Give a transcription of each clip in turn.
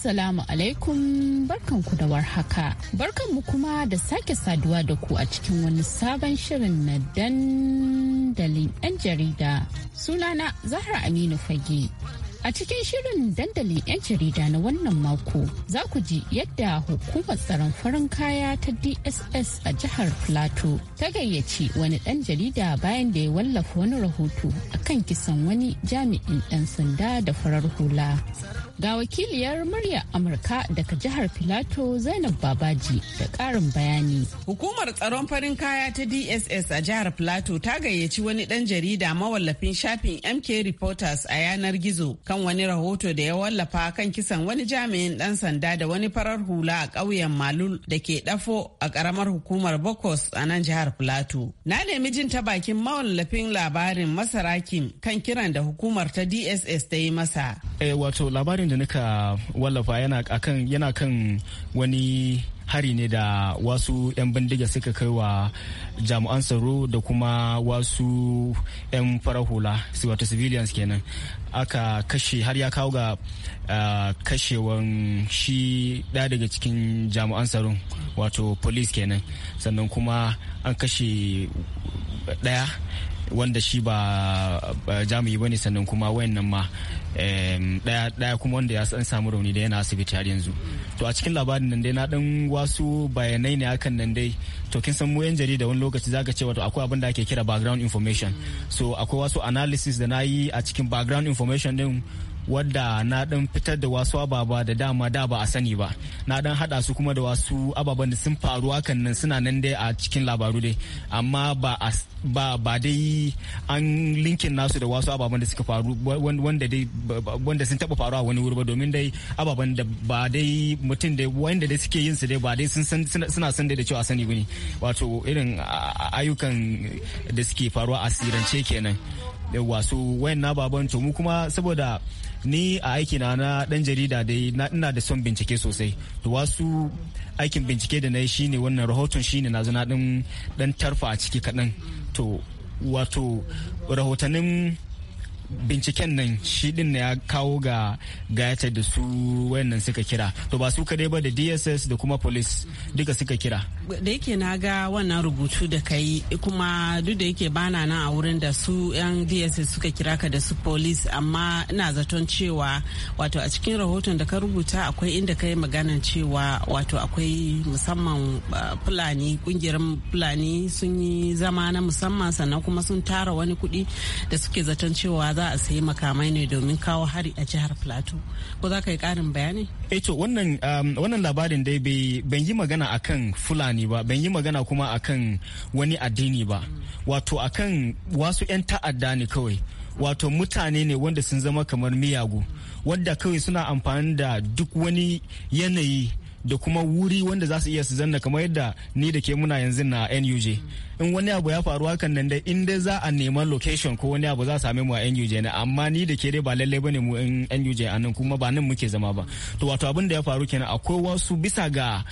Assalamu alaikum barkan barkanku da warhaka. mu kuma da sake saduwa da ku a cikin wani sabon shirin na dandalin 'yan jarida. Sunana Zahra Aminu Fage. A cikin shirin dandalin 'yan jarida na wannan mako za ku ji yadda hukumar tsaron farin kaya ta DSS a jihar Plateau ta gayyaci wani ɗan jarida bayan da ya wallafa wani rahoto a kan kisan wani jami'in ɗan sanda da farar hula. Ga wakiliyar murya Amurka daga jihar Filato Zainab Babaji da karin bayani. Hukumar tsaron farin kaya ta DSS a jihar Filato ta gayyaci wani dan jarida mawallafin shafin MK Reporters a yanar gizo kan wani rahoto da ya wallafa kan kisan wani jami'in dan sanda da wani farar hula a ƙauyen Malul da ke dafo a karamar hukumar Bokos a nan jihar Filato. Na nemi jin ta bakin mawallafin labarin Masarakin kan kiran da hukumar ta DSS ta yi masa. Eh, wato labarin da nuka wallafa yana kan yana kan wani hari ne da wasu 'yan bindiga suka kai wa jami'an tsaro da kuma wasu 'yan farar hula wato civilians kenan aka kashe har ya kawo ga kashewan shi ɗaya daga cikin jami'an tsaron wato police kenan sannan kuma an kashe ɗaya wanda shi ba jami'i bane sannan kuma wayannan ma daya kuma wanda ya san samu rauni da yana asibiti har yanzu to a cikin labarin nan dai na dan wasu bayanai ne akan nan dai to kin san mu yan jarida wani lokaci zaka ce wato akwai abin da ake kira background information so akwai wasu analysis da na yi a cikin background information din wadda na dan fitar da wasu ababa da dama da ba a sani ba na dan hada su kuma da wasu ababen da sun faru hakan nan suna nan dai a cikin labaru dai amma ba ba dai an linkin nasu da wasu ababen da suka faru wanda dai wanda sun taba faruwa wani wuri ba domin dai ababen da ba dai mutum dai wanda dai suke yin su dai ba dai sun suna san dai da cewa sani bane wato irin ayyukan da suke faruwa a sirance kenan wasu wayan na baban to mu kuma saboda ni a aiki na na dan jarida dai na ina da son bincike sosai to wasu aikin bincike da na yi shine wannan rahoton shine na zo na dan tarfa a ciki kaɗan to wato rahotannin binciken nan shi din ya kawo ga gayata da su wayannan suka kira to ba su kadai ba da dss da kuma police duka suka kira da yake na ga wannan rubutu da kai kuma duk da yake bana nan a wurin da su yan dss suka kira ka da su police amma ina zaton cewa wato a cikin rahoton da ka rubuta akwai inda ka yi maganan cewa wato akwai musamman uh, fulani kungiyar fulani sun yi zama na musamman sannan kuma sun tara wani kuɗi da suke zaton cewa za a sayi makamai ne domin kawo hari a jihar plateau ko za ka yi karin bayani Eto eh um, wannan labarin dai ban yi magana akan fulani ba ban yi magana kuma akan wani addini ba wato akan wasu 'yan ta'adda ne kawai wato mutane ne wanda sun zama kamar miyagu wanda kawai suna amfani da duk wani yanayi da kuma wuri wanda za su iya su zanna kamar yadda ni da ke muna yanzu na NUJ in wani abu ya faru hakan nan dai inda za a neman location ko wani abu za a same mu a NUJ ne amma ni da ke dai ba lalle bane mu in NUJ a nan kuma ba nan muke zama ba to wato abin da ya faru kenan akwai wasu bisa ga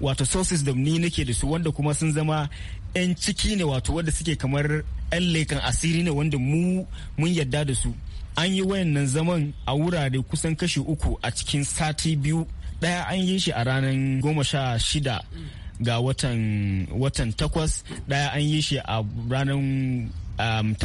wato sources da ni nake da su wanda kuma sun zama 'yan ciki ne wato wanda suke kamar 'yan lekan asiri ne wanda mu mun yadda da su an yi wayannan zaman a wurare kusan kashi uku a cikin sati biyu ɗaya an yi shi a ranar goma sha shida ga watan takwas ɗaya an yi shi a ranar um,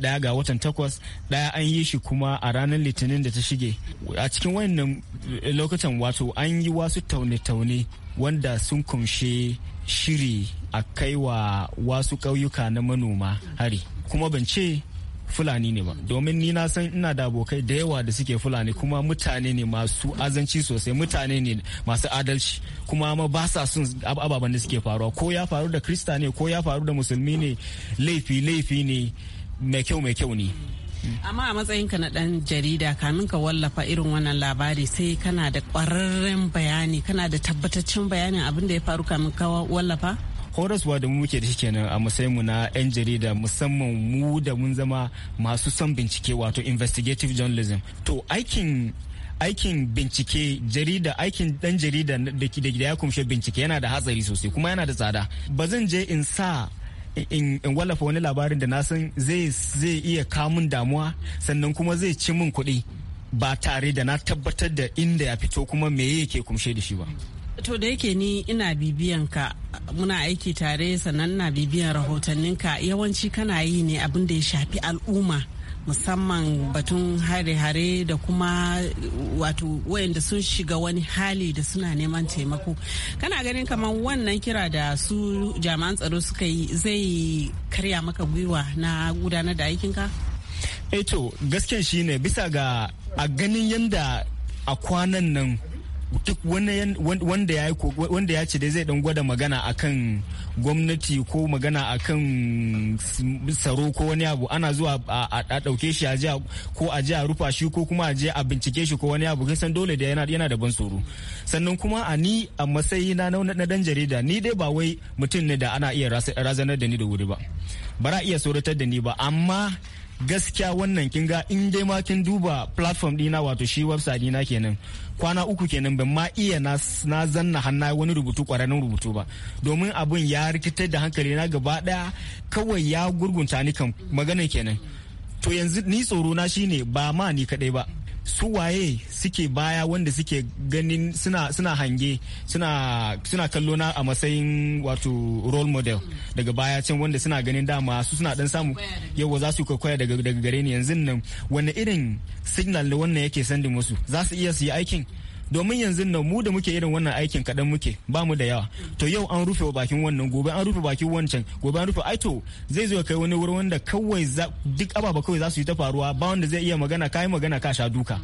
daya ga watan takwas daya an yi shi kuma a ranar litinin da ta shige a cikin wannan eh, lokutan wato an yi wasu taune-taune wanda sun kunshe shiri a kaiwa wasu ƙauyuka na manoma hari kuma ban ce fulani ne ba domin ni na san ina da abokai da yawa da suke fulani kuma mutane ne masu azanci sosai mutane ne masu adalci kuma ma ba sa son ababen da suke faruwa ko ya faru da krista ne ko ya faru da musulmi ne laifi laifi ne mai kyau mai kyau ne amma a matsayin ka na dan jarida kamin ka wallafa irin wannan labari sai kana da kwararren bayani kana da tabbataccen bayanin abin da ya faru kamin ka wallafa horaswa da mu muke da shi kenan a matsayin mu na 'yan jarida musamman mu da mun zama masu son bincike wato investigative journalism to aikin aikin bincike jarida aikin dan jarida da da ya kumshe bincike yana da hatsari sosai kuma yana da tsada ba zan je in sa in wallafa wani labarin da na san zai iya kamun damuwa sannan kuma zai ci min kuɗi ba tare da na tabbatar da inda ya fito kuma me yake kumshe da shi ba to da yake ni ina bibiyan ka muna aiki tare sannan na bibiyan rahotanninka yawanci kana yi ne abin da ya shafi al'umma musamman batun hare-hare da kuma wato wayanda sun shiga wani hali da suna neman taimako kana ganin kamar wannan kira da su jami'an tsaro suka yi zai karya maka gwiwa na gudanar da aikinka? eto eh gaskiya shine bisa ga a ganin yadda a kwanan nan duk wanda ya wanda ce dai zai dan gwada magana akan gwamnati ko magana akan tsaro ko wani abu ana zuwa a dauke shi a ko a jiya a rufa shi ko kuma a je a bincike shi ko wani abu kin san dole da yana yana da ban tsoro sannan kuma a ni a matsayi na na dan jarida ni dai ba wai mutum ne da ana iya razanar da ni da wuri ba bara iya tsoratar da ni ba amma gaskiya wannan kin ga in dai ma kin duba platform dina wato shi website dina kenan kwana uku kenan ban ma iya na zanna hannu wani rubutu kwararren rubutu ba domin abin ya rikitar da hankali na gaba daya kawai ya gurgunta ni kan magana kenan to yanzu ni tsoro na shine ba ma ni kadai ba su waye suke baya wanda suke ganin suna suna hange suna suna kallo na a matsayin wato role model daga baya can wanda suna ganin dama su suna dan samu yawa za su kwaikwaya daga daga gare ni yanzu nan wani irin signal da wannan yake sandin musu za su iya su yi aikin domin yanzu nan mu da muke irin wannan aikin kadan muke ba mu da yawa to yau an rufe bakin wannan gobe an rufe bakin wancan gobe an rufe ai to zai zo kai wani wurin wanda kawai duk ababa kawai za su yi ta faruwa ba wanda zai iya magana kai magana ka sha duka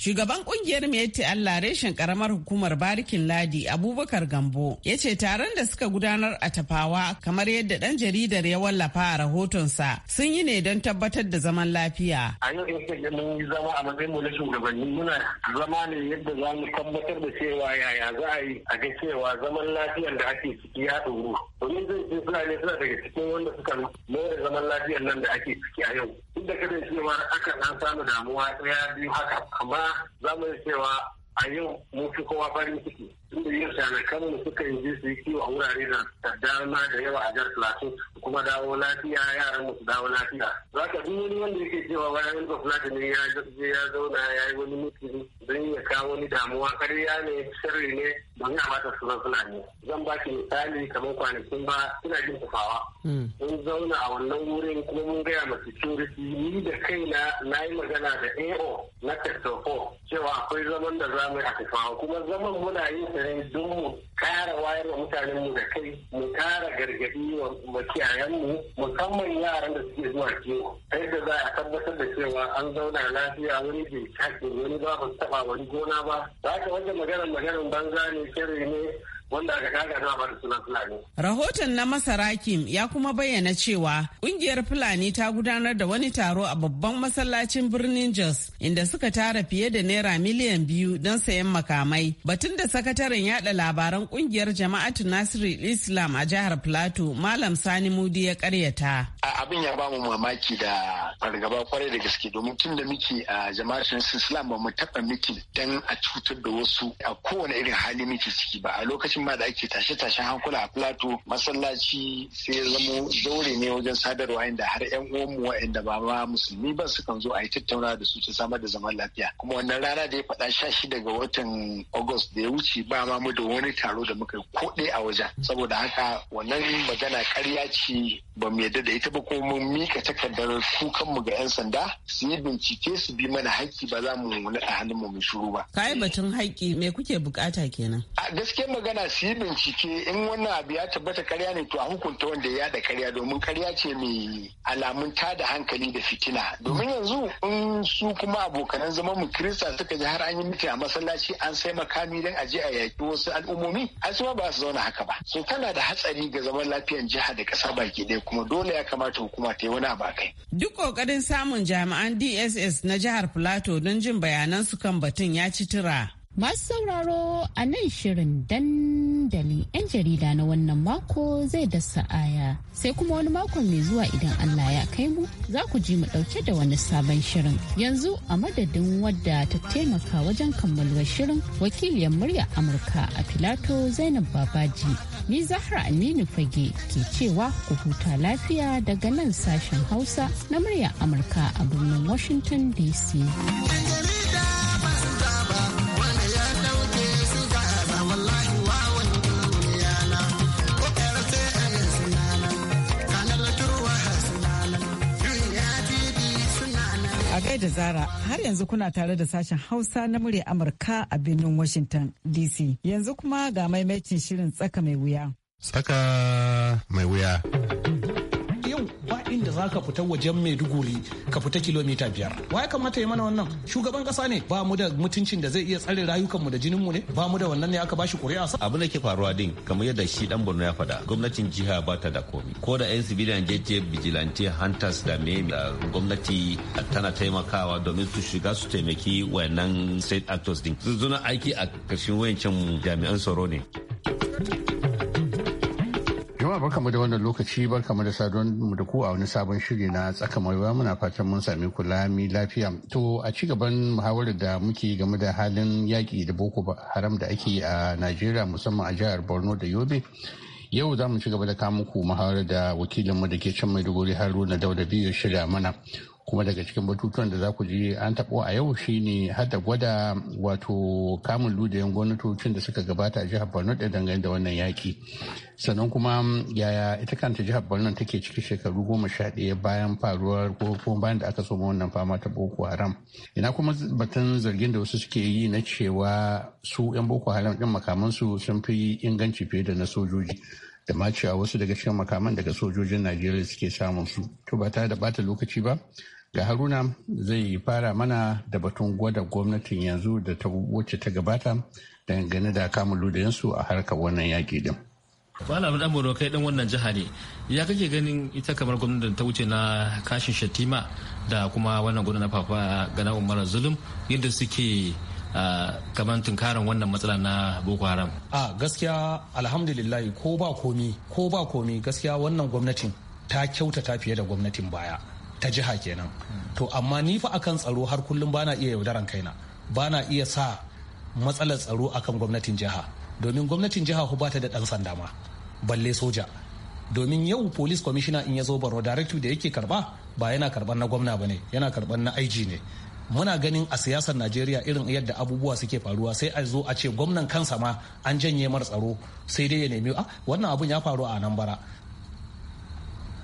Shugaban kungiyar Mete Allah reshen karamar hukumar Barikin Ladi Abubakar Gambo ya ce taron da suka gudanar a tafawa kamar yadda dan jaridar ya wallafa a rahotonsa sun yi ne don tabbatar da zaman lafiya. A yau mun yi zama a matsayin mu na shugabanni muna zama ne yadda za mu tabbatar da cewa yaya za a yi a ga cewa zaman lafiyar da ake ciki ya ɗoru. Domin zai ce suna ne suna daga cikin wanda suka more zaman lafiyar nan da ake ciki a yau. Duk da cewa akan an samu damuwa ɗaya biyu haka amma za mu yi cewa a yau mutu kowa farin ciki inda yin shanakan mu suka yi je su yi kiwo a wurare da dama da yawa a jihar plateau kuma dawo lafiya yaran mu su dawo lafiya za ka duk wani wanda yake cewa wani ba plateau ne ya je ya zauna ya yi wani mutum don ya kawo wani damuwa ƙarya ne sirri ne don ya mata su suna ne zan ba ki misali kamar kwanakin ba ina jin kufawa hmm. mun zauna a wannan wurin kuma mun gaya ma security ni da kaina na yi magana da AO na Testofo cewa akwai zaman da za mu yi a kufawa kuma zaman muna yin dare don mu kara wayar wa mutanen mu da kai mu kara gargadi wa makiyayen mu musamman yaran da suke zuwa kiwo ta yadda za a tabbatar da cewa an zauna lafiya wani bai wani ba ba taɓa wani gona ba za ka wajen maganar maganar banza ne kere ne wanda aka kaga bar sunan Fulani. Rahoton na masara Kim ya kuma bayyana cewa kungiyar Fulani ta gudanar da wani taro a babban masallacin birnin Jos inda suka tara fiye da naira miliyan biyu don sayan makamai. Batun da sakataren yada labaran kungiyar jama'atu Nasiru Islam a jihar Plateau Malam Sani Mudi ya karyata. Abin ya bamu mamaki da fargaba kwarai da gaske domin tun da muke a jama'atu Islam ba mu taɓa miki dan a cutar da wasu a kowane irin hali muke ciki ba a lokacin lokacin ma da ake tashe-tashen hankula a plato masallaci sai ya zamo zaure ne wajen sadarwa inda har yan uwanmu wa'anda ba ma musulmi ba kan zo a yi tattaunawa da su ta samar da zaman lafiya kuma wannan rana da ya faɗa sha shida ga watan august da ya wuce ba ma mu da wani taro da muka koɗe a wajen saboda haka wannan magana ƙarya ce ba mu yarda da ita ba ko mun mika takardar kukanmu ga 'yan sanda su yi bincike su bi mana haƙƙi ba za mu naɗa hannun mu mu shiru ba. kayan batun haƙƙi me kuke bukata kenan? A gaskiyar magana su yi bincike in wannan abu ya tabbata karya ne to a hukunta wanda ya da karya domin karya ce mai alamun ta da hankali da fitina domin yanzu in su kuma abokanan zama mu kirista suka ji har an yi mutu a masallaci an sai makami don aje a yaki wasu al'ummomi ai su ba su zauna haka ba so tana da hatsari ga zaman lafiyar jiha da kasa baki ɗaya kuma dole ya kamata hukuma ta yi wani abu kai. duk ƙoƙarin samun jami'an dss na jihar plateau don jin bayanan su kan batun ya ci tura Masu sauraro a nan shirin dandali 'yan jarida na wannan mako zai da sa'aya. Sai kuma wani mako mai zuwa idan Allah ya kai mu za ku ji mu ɗauke da wani sabon shirin. Yanzu a madadin wadda ta taimaka wajen kammaluwar shirin wakiliyar murya Amurka a Filato Zainab Babaji. Ni Zahra Aminu Fage ke cewa ku huta lafiya daga nan sashen Hausa na murya Amurka a birnin Washington DC. da Zara har yanzu kuna tare da sashen Hausa na murya Amurka a birnin Washington DC. Yanzu kuma ga maimacin shirin tsaka mai wuya. Tsaka mai wuya. nan ba inda za ka fita wajen maiduguri ka fita kilomita biyar wa ya kamata ya mana wannan shugaban kasa ne ba mu da mutuncin da zai iya tsare rayukanmu da jininmu ne ba mu da wannan ne aka bashi ƙuri'a sa abin da ke faruwa din kamar yadda shi dan borno ya faɗa gwamnatin jiha ba ta da komi ko da yan civilian jeje vigilante hunters da me gwamnati tana taimakawa domin su shiga su taimaki wayannan state actors din su aiki a ƙarshen wayancan jami'an tsaro ne Jama'a barkamu da wannan lokaci barkamu da saduwan mu da ku a wani sabon shiri na tsaka muna fatan mun sami kula mi lafiya. To a ci gaban muhawarar da muke game da halin yaƙi da boko haram da ake a Najeriya musamman a jihar Borno da Yobe. Yau za mu ci gaba da kawo muku muhawarar da wakilinmu da ke can Maiduguri Haruna Dauda biyu shirya mana kuma daga cikin batutuwan da za ku ji an taɓo a yau shine hada gwada wato kamun ludayen gwamnatocin da suka gabata a jihar borno da dangane da wannan yaki sannan kuma yaya ita kanta jihar borno take ciki shekaru goma sha ɗaya bayan faruwar ko bayan da aka soma wannan fama ta boko haram ina kuma batun zargin da wasu suke yi na cewa su yan boko haram din su sun fi inganci fiye da na sojoji da ma cewa wasu daga cikin makaman daga sojojin najeriya suke samun su to ba tare da bata lokaci ba ga haruna zai fara mana da batun gwada gwamnatin yanzu da ta wuce ta gabata dangane da kamun ludayensu a harkar wannan yaƙi din. wala dan boro kai dan wannan jiha ne ya kake ganin ita kamar gwamnatin ta wuce na kashin shatima da kuma wannan gwamnati na fafa gana umar zulum yadda suke kamar tunkarin wannan matsala na boko haram a gaskiya alhamdulillah ko ba komi ko ba komi gaskiya wannan gwamnatin ta kyautata fiye da gwamnatin baya ta jiha kenan to amma ni fa akan tsaro har kullum bana iya yaudaran kaina bana iya sa matsalar tsaro akan gwamnatin jiha domin gwamnatin jiha ba ta da dan sanda ma balle soja domin yau police commissioner in ya zo baro director da yake karba ba yana karban na gwamna bane yana karban na IG ne muna ganin a siyasar najeriya irin yadda abubuwa suke faruwa sai a zo a ce gwamnan kansa ma an janye mar tsaro sai dai ya nemi ah wannan abun ya faru a nan bara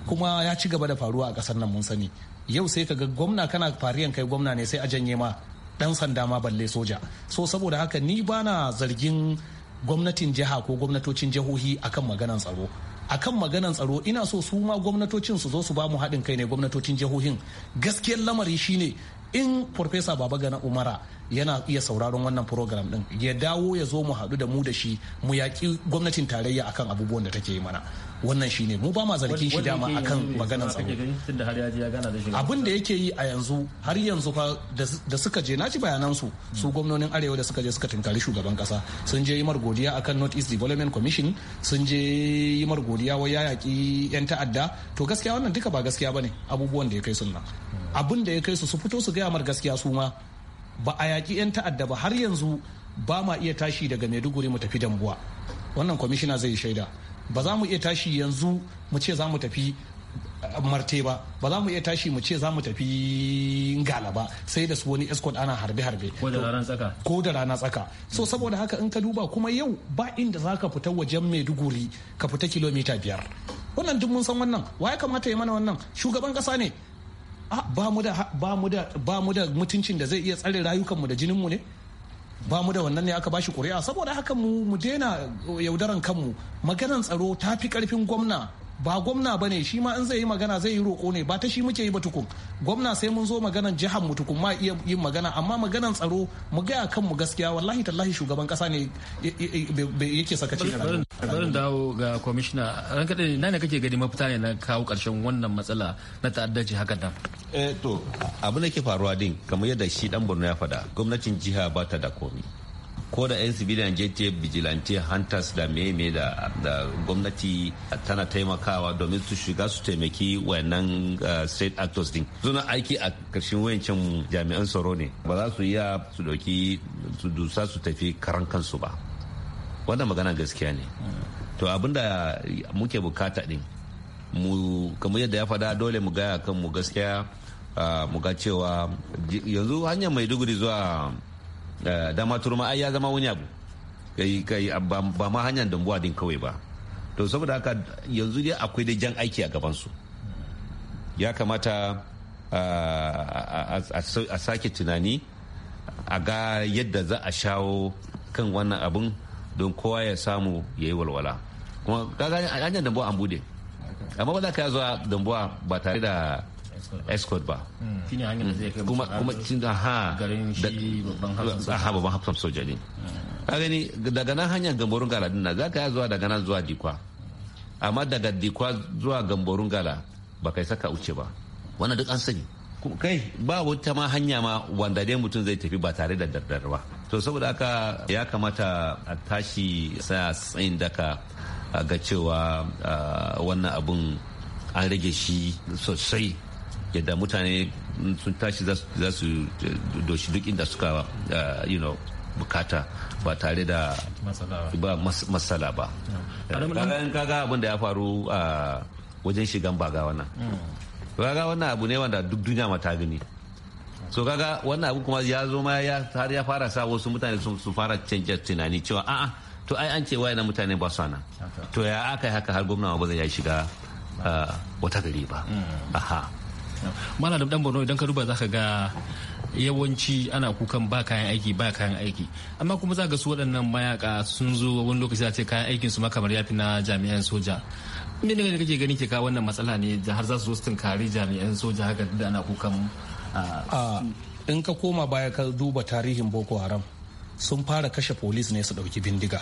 kuma ya ci gaba da faruwa a ƙasar nan mun sani yau sai ka ga gwamna kana fariyan kai gwamna ne sai a janye ma dan sanda ma balle soja so saboda haka ni bana zargin gwamnatin jiha ko gwamnatocin jihohi akan maganan tsaro akan maganan tsaro ina so su ma gwamnatocin su zo su bamu haɗin kai ne gwamnatocin jihohin gaskiyar lamari shine in farfesa babagana umara yana iya sauraron wannan program din ya dawo ya zo mu hadu da mu da shi mu yaƙi gwamnatin tarayya akan abubuwan da take yi mana wannan shine mu ba ma zargin shi dama akan maganar tsaro abin da yake yi a yanzu har yanzu fa da suka je naci bayanan su su hmm. gwamnonin arewa da suka je suka tinkari shugaban kasa sun je yimar godiya akan north east development commission sun je yimar godiya wa ya yaƙi yan ta'adda to gaskiya wannan duka ba gaskiya bane abubuwan da ya kai sunna abin da ya kai su su fito su gaya mar gaskiya su ma ba a yaƙi 'yan ta'adda ba har yanzu ba ma iya tashi daga maiduguri mu tafi dambuwa wannan kwamishina zai shaida ba za mu iya tashi yanzu mu ce za mu tafi eh, marte ba ba za mu iya tashi mu ce za mu tafi gala ba sai da su wani escort ana harbe-harbe ko da rana tsaka ko da rana tsaka so saboda haka in ka duba kuma yau ba inda za ka fita wajen maiduguri ka fita kilomita biyar wannan duk mun san wannan wa ya kamata ya mana wannan shugaban kasa ne Ah, ba mu da mutuncin da zai iya tsare rayukanmu da jininmu ne ba mu da wannan ne aka bashi ƙuri'a saboda haka mu mu daina yaudaran kanmu maganar tsaro ta fi ƙarfin gwamna ba gwamna ba ne shi ma in zai yi magana zai yi roƙo ne ba ta shi muke yi ba tukun gwamna sai mun zo maganan jihar mu tukun ma iya yin magana amma maganan tsaro mu gaya kan mu gaskiya wallahi tallahi shugaban kasa ne yake sakaci barin dawo ga kwamishina ranka dai na ne kake gani mafita ne na kawo karshen wannan matsala na ta'addanci haka nan eh to abin da ke faruwa din kamar yadda shi dan Borno ya faɗa gwamnatin jiha ba ta da komai ko da 'yan civilian jete vigilante hunters da meme da gwamnati tana taimakawa domin su shiga su taimaki wayannan eh, state actors din suna aiki a karshen wayancin jami'an tsaro ne ba za su iya su dauki su dusa su tafi karan kansu ba wannan magana gaskiya ne to abinda muke bukata din mu kamar yadda ya fada dole mu gaya kan mu gaskiya ah, mu ga cewa yanzu hanyar maiduguri zuwa Eh, dama turma ai ya zama wani abu ba ma hanyar dambuwa din kawai ba to saboda haka yanzu dai akwai da jan aiki a gabansu ya kamata a sake tunani a ga yadda za a shawo kan wannan abin don kowa ya samu ya yi walwala kuma kaga hanyar dambuwa an bude amma ba za ka yi zuwa dambuwa ba tare da escort ba shine hanyar da zai kai kuma kuma cin da ha garin shi babban hafsan soja ne hmm. ka gani daga nan hanyar gamborun gala din za ka zuwa daga nan zuwa dikwa amma daga dikwa zuwa gamborun gala ba kai saka uce ba wannan duk an sani kai ba wata ma hanya ma wanda dai mutum zai tafi ba tare da daddare ba to saboda haka ya kamata a tashi sa tsayin daka ga cewa ah, wannan abun an rage shi sosai yadda mutane sun tashi za su doshi duk inda suka uh, you know bukata ba tare da ba matsala ba uh, kaga abin da ya faru a uh, wajen shigan baga wannan hmm. kaga wannan abu ne wanda duk duniya ma ta gani so kaga wannan abu kuma ya zo ma ya har ya fara sa wasu mutane su fara canja tunani cewa a'a to ai an ce wayannan mutane ba su to ya aka haka har gwamna ba zai ya shiga wata gari ba hmm. aha malam dan borno idan ka duba zaka ga yawanci ana kukan ba kayan aiki ba kayan aiki amma kuma za ga su waɗannan mayaka sun zo wani lokaci a ce kayan aikin su makamar yafi na jami'an soja me ne kake gani ke ka wannan matsala ne har za su zo su tunkari jami'an soja haka da ana kukan ah, in ka koma baya ka duba tarihin boko haram sun fara kashe polis ne su ɗauki bindiga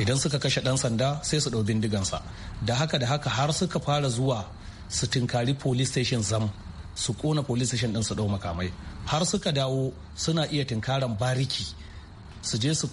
idan suka kashe ɗan sanda sai su ɗau bindigansa da haka da haka har suka fara zuwa su tinkari police station zam su kona police station din su dau makamai har suka dawo suna iya tinkaran bariki su je su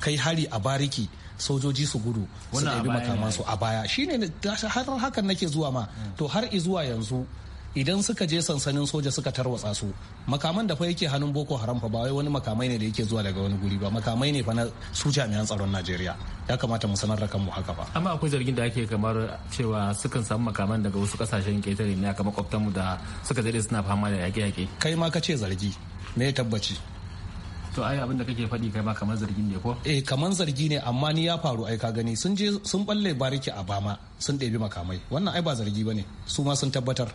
kai hari a bariki sojoji su gudu su ɗabi makamansu a baya shine har hakan nake zuwa ma hmm. to har zuwa yanzu idan suka je sansanin soja suka tarwatsa su makaman da fa yake hannun boko haram fa ba wai wani makamai ne da yake zuwa daga wani guri ba makamai ne fa na su jami'an tsaron najeriya ya kamata mu sanar da kanmu haka ba amma akwai zargin da ake kamar cewa sukan samu makaman daga wasu kasashen ketare ne aka makwabtanmu da suka daɗe suna fama da yaƙe-yaƙe kai ma ka ce zargi me ya tabbaci to ai abin da kake faɗi kai ma kamar zargi ne ko eh kamar zargi ne amma ni ya faru ai ka gani sun je sun balle bariki a bama sun ɗebi makamai wannan ai ba zargi bane su ma sun tabbatar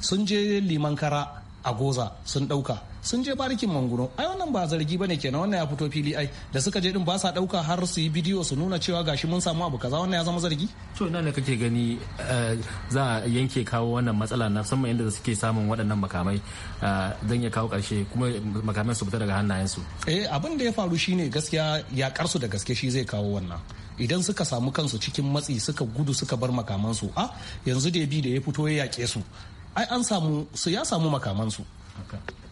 sun je liman kara a goza sun dauka sun je barikin manguno ai wannan ba zargi bane kenan wannan ya fito fili ai da suka je din ba sa dauka har su yi bidiyo su nuna cewa gashi mun samu abu kaza wannan ya zama zargi to ina ne kake gani eh, za yanke kawo wannan matsala na musamman inda suke samun waɗannan makamai eh, dan ya kawo karshe kuma makamai su fita daga hannayensu eh abin da ya faru shine gaskiya ya karsu da gaske shi zai kawo wannan idan suka samu kansu cikin matsi suka gudu suka bar makamansu a ah, yanzu da bi da ya fito ya yake su ai an samu su ya samu makamansu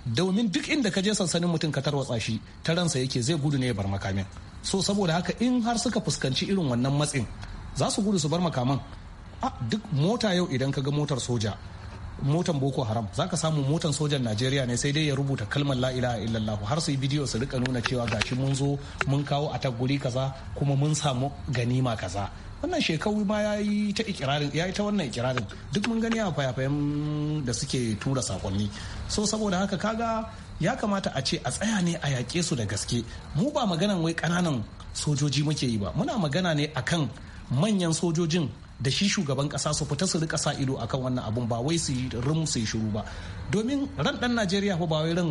domin duk inda ka je sansanin mutum ka tarwatsa shi ta ransa yake zai gudu ne ya bar makamin so saboda haka in har suka fuskanci irin wannan matsin za su gudu su bar makaman a duk mota yau idan ka ga motar soja motan boko haram za ka samu motan sojan najeriya ne sai dai ya rubuta kalmar la'ila a illallah har su yi bidiyo su rika nuna cewa gashi mun zo mun kawo a guri kaza kuma mun samu ganima kaza wannan shekaru ma ya yi ta ikirarin ya yi ta wannan ikirarin duk mun gani a fayafayen da suke tura sakonni so saboda haka kaga ya kamata a ce a tsaya ne a yaƙe su da gaske mu ba maganan wai ƙananan sojoji muke yi ba muna magana ne akan manyan sojojin da shi shugaban ƙasa su fita su rika sa ido akan wannan abun ba wai su yi rum su yi shiru ba domin ran dan najeriya fa ba wai ran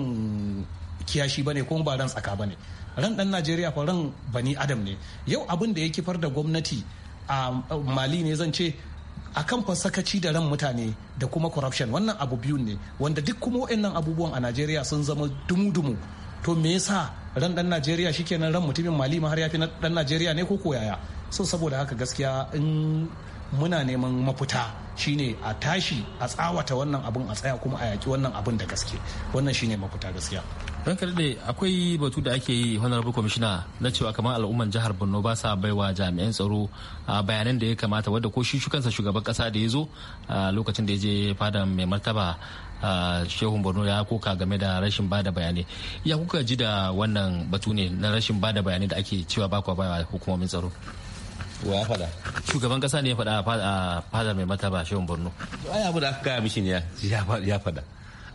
kiyashi bane ko ba ran tsaka bane ran dan najeriya fa ran bani adam ne yau abin da ya kifar da gwamnati a mali ne zan ce a akan fasakaci da ran mutane da kuma corruption wannan abu biyu ne wanda duk kuma waɗannan abubuwan a najeriya sun zama dumu-dumu to me yasa ran dan najeriya shikenan ran mutumin mali ma har ya fi na dan najeriya ne ko koyaya so saboda haka gaskiya in muna neman mafuta shine a tashi a tsawata wannan abun a tsaya kuma a yaki wannan abun da gaske wannan shine mafuta gaskiya ran karɗe akwai batu da ake yi honorable commissioner na cewa kamar al'umman jihar borno ba sa baiwa jami'an tsaro ah, bayanan da ya kamata wadda ko shi kansa shugaban kasa da ya zo lokacin da ya je fadar mai martaba shehun borno ya koka game da rashin bada bayanai ya kuka ji da wannan batu ne na rashin bada bayanai da ake cewa ba kwa baiwa hukumomin tsaro wa ya faɗa shugaban kasa ne ya faɗa a fadar mai martaba shehun borno ai abu da aka gaya mishi ne ya faɗa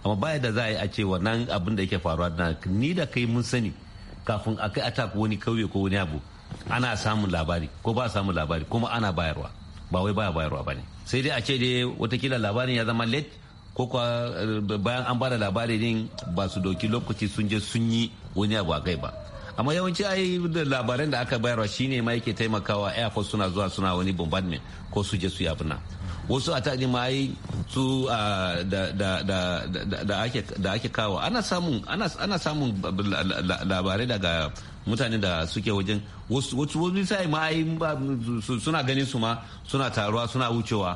amma ba da za a yi a ce wannan abin da yake faruwa na ni da kai mun sani kafin a kai attack wani kauye ko wani abu ana samun labari ko ba samun labari kuma ana bayarwa ba wai baya bayarwa bane sai dai a ce dai watakila labarin ya zama late ko kuwa eh, bayan an bada labari din ba su doki lokaci sun je sun yi wani abu a kai ba amma yawanci a da labaran da aka bayarwa shine ma yake taimakawa air force suna zuwa suna wani bombardment ko su je su yi abin nan wasu a taɗi ma yi su da ake kawo ana samun labarai daga mutane da suke wajen wasu wani sai ma suna ganin su ma suna taruwa suna wucewa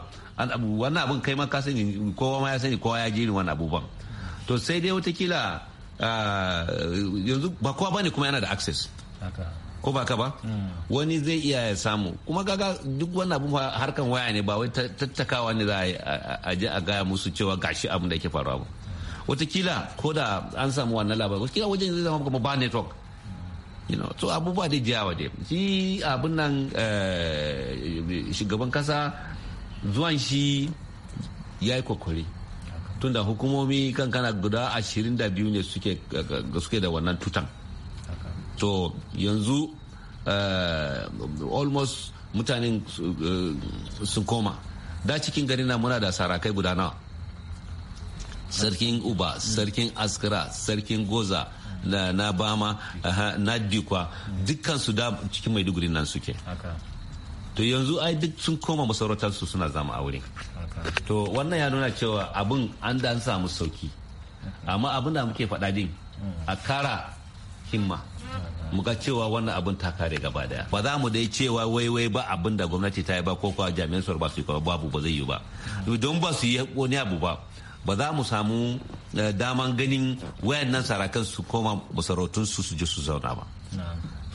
wannan abin kai ma ka sani kowa ma ya sani kowa ya jiri wani abubuwan to sai dai watakila yanzu ba kowa bane kuma yana da access ko ba ka ba wani zai iya ya samu kuma kaga duk wannan abu harkan waya ne ba wai tattakawa ne za a je a gaya musu cewa gashi abin da yake faruwa ba watakila ko da an samu wannan labarin watakila wajen zai zama kuma ba network you know so abubuwa da jiyawa dai shi abin nan eh, shugaban kasa zuwan shi ya yi kokori tunda hukumomi kan kana guda ashirin da biyu ne suke da wannan tutan to yanzu eh, almost mutanen eh, sun koma da cikin gari na muna da sarakai guda nawa sarkin uba sarkin askara sarkin goza na, bama aha, na dikwa su da cikin maiduguri nan suke to yanzu ai duk sun koma su suna zama aure to wannan ya nuna cewa abin an da samu sauki amma abin da muke faɗa din a kara himma muga cewa wannan abin ta kare gaba daya ba za mu dai cewa wai wai ba abin da gwamnati ta yi ba ko kuwa jami'an tsaro ba su yi ba babu ba zai yi ba don ba su yi wani abu ba ba za mu samu eh, daman ganin wayannan sarakan su koma masarautun su su je su zauna ba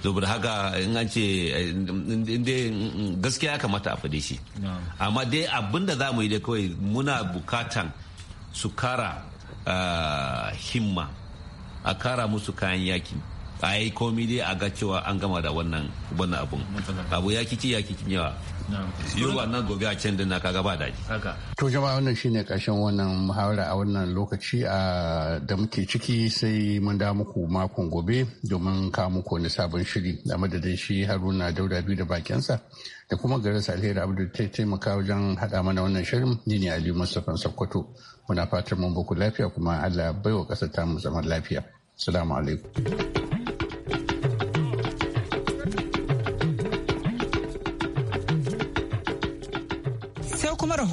saboda haka in an ce eh, gaskiya ya kamata a fade shi amma dai abin da za mu yi da kawai muna bukatan su kara ah, himma a kara musu kayan yaki a yi komi dai a ga cewa an gama da wannan wannan abun abu ya kici ya kici yawa yau ba nan gobe a can din na kaga ba daji to jama'a wannan shine karshen wannan muhawara a wannan lokaci a da muke ciki sai mun da muku makon gobe domin ka muku wani sabon shiri a madadin shi haruna dauda biyu da bakinsa da kuma garin alheri abdu ta taimaka wajen haɗa mana wannan shirin ni ne ali mustapha sokoto muna fatan mun baku lafiya kuma allah baiwa ƙasar tamu zaman lafiya salamu alaikum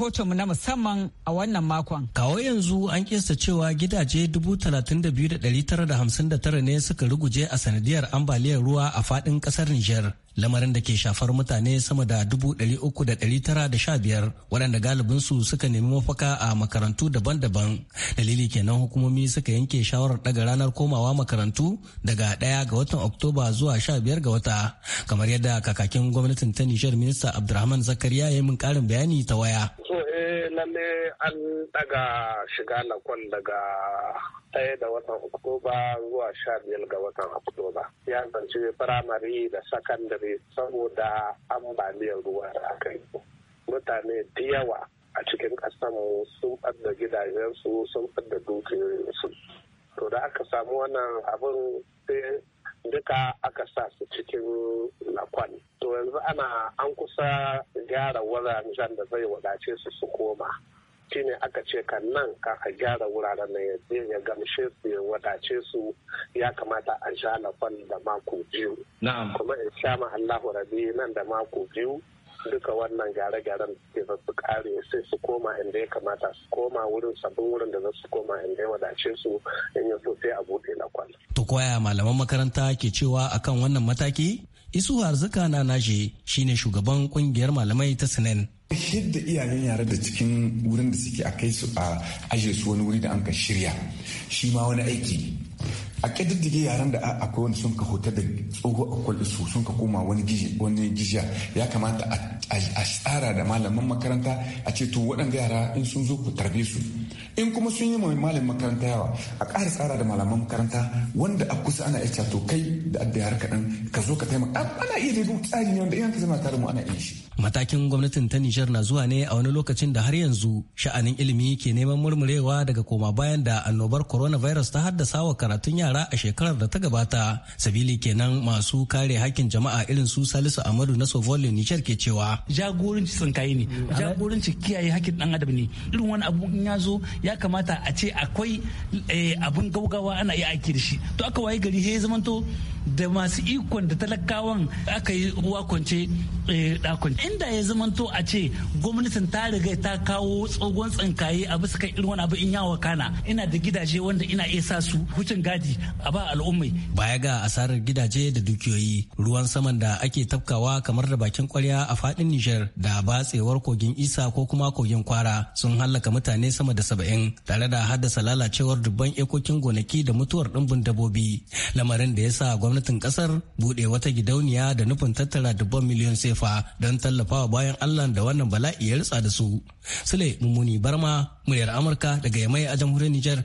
rahotonmu na musamman a wannan makon. Kawo yanzu an kista cewa gidaje 32,959 ne suka ruguje a sanadiyar ambaliyar ruwa a faɗin ƙasar Nijar. lamarin da ke shafar mutane sama da 300,915 waɗanda galibinsu suka nemi mafaka a makarantu daban-daban dalili kenan hukumomi suka yanke shawarar daga ranar komawa makarantu daga 1 ga watan oktoba zuwa 15 ga wata kamar yadda kakakin gwamnatin ta nishar minista abdulrahman zakariya ya yi min karin bayani ta waya eh lalle an daga shiga lakon daga ɗaya da watan oktoba zuwa sha biyar ga watan oktoba ya zanci firamare da sakandare saboda ambaliyar ruwa da aka yi mutane da yawa a cikin ƙasarmu sun ɓadda gidajensu sun ɓadda dukiyoyinsu to da aka samu wannan abin sai duka aka sa su cikin lakon to yanzu ana an kusa gyara wuraren da zai wadace su su koma shine aka ce kan nan ka a gyara wuraren na yanzu ya gamshe su ya wadace su ya kamata a sha lakon da mako biyu kuma in sha ma Allahu rabi nan da mako biyu duka wannan gyare-gyaren da za su kare sai su koma inda ya kamata su koma wurin sabbin wurin da za su koma inda ya wadace su in sosai a bude na kwal. To koya malaman makaranta ke cewa akan wannan mataki? Isu Harzuka na nashi shine shugaban kungiyar malamai ta Sinen. Yadda iyayen yara da cikin wurin da suke a kai su a aje su wani wuri da an ka shirya shi ma wani aiki a ƙididdige yaran da akwai wani sun ka hota da tsoho a kwalli su sun ka koma wani gijiya ya kamata a tsara da malaman makaranta a ce to waɗanda yara in sun zo ku tarbe su in kuma sun yi malamin makaranta yawa a ƙara tsara da malaman makaranta wanda a kusa ana iya to kai da adda yar kaɗan ka zo ka taimaka ana iya daidai tsari ne wanda in ka zama tare mu ana iya shi. matakin gwamnatin ta nijar na zuwa ne a wani lokacin da har yanzu sha'anin ilimi ke neman murmurewa daga koma bayan da annobar coronavirus ta haddasa wa karatun yara yara a shekarar da ta gabata sabili kenan masu kare hakkin jama'a irin su salisu amadu na sovolin nishar ke cewa jagoranci sun kayi ne hmm. jagoranci kiyaye hakkin dan adam ne irin wani abu in ya zo ya kamata a ce akwai eh, abun gaugawa ana iya aiki da shi to aka waye gari he zamanto da masu ikon da talakawan aka yi uwa eh, kwance inda ya zamanto a ce gwamnatin ta riga ta kawo tsogon tsinkaye a bisa kan irin wani abu in yawa kana ina da gidaje wanda ina iya sa su hucin gadi a ba al'ummai baya ga asarar gidaje da dukiyoyi ruwan saman da ake tafkawa kamar da bakin kwarya a fadin Nijar da batsewar kogin Isa ko kuma kogin Kwara sun hallaka mutane sama da saba'in tare da haddasa lalacewar dubban ekokin gonaki da mutuwar ɗumbin dabobi lamarin da ya sa gwamnati gwamnatin kasar bude wata gidauniya da nufin tattara dubban miliyon sefa don tallafawa bayan allah da wannan bala'i ya ritsa da su sule mummuni barma muryar amurka daga yamai a jamhuriyar nijar.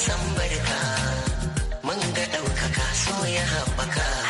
sambarka barka mun ga ɗaukaka so ya haɓaka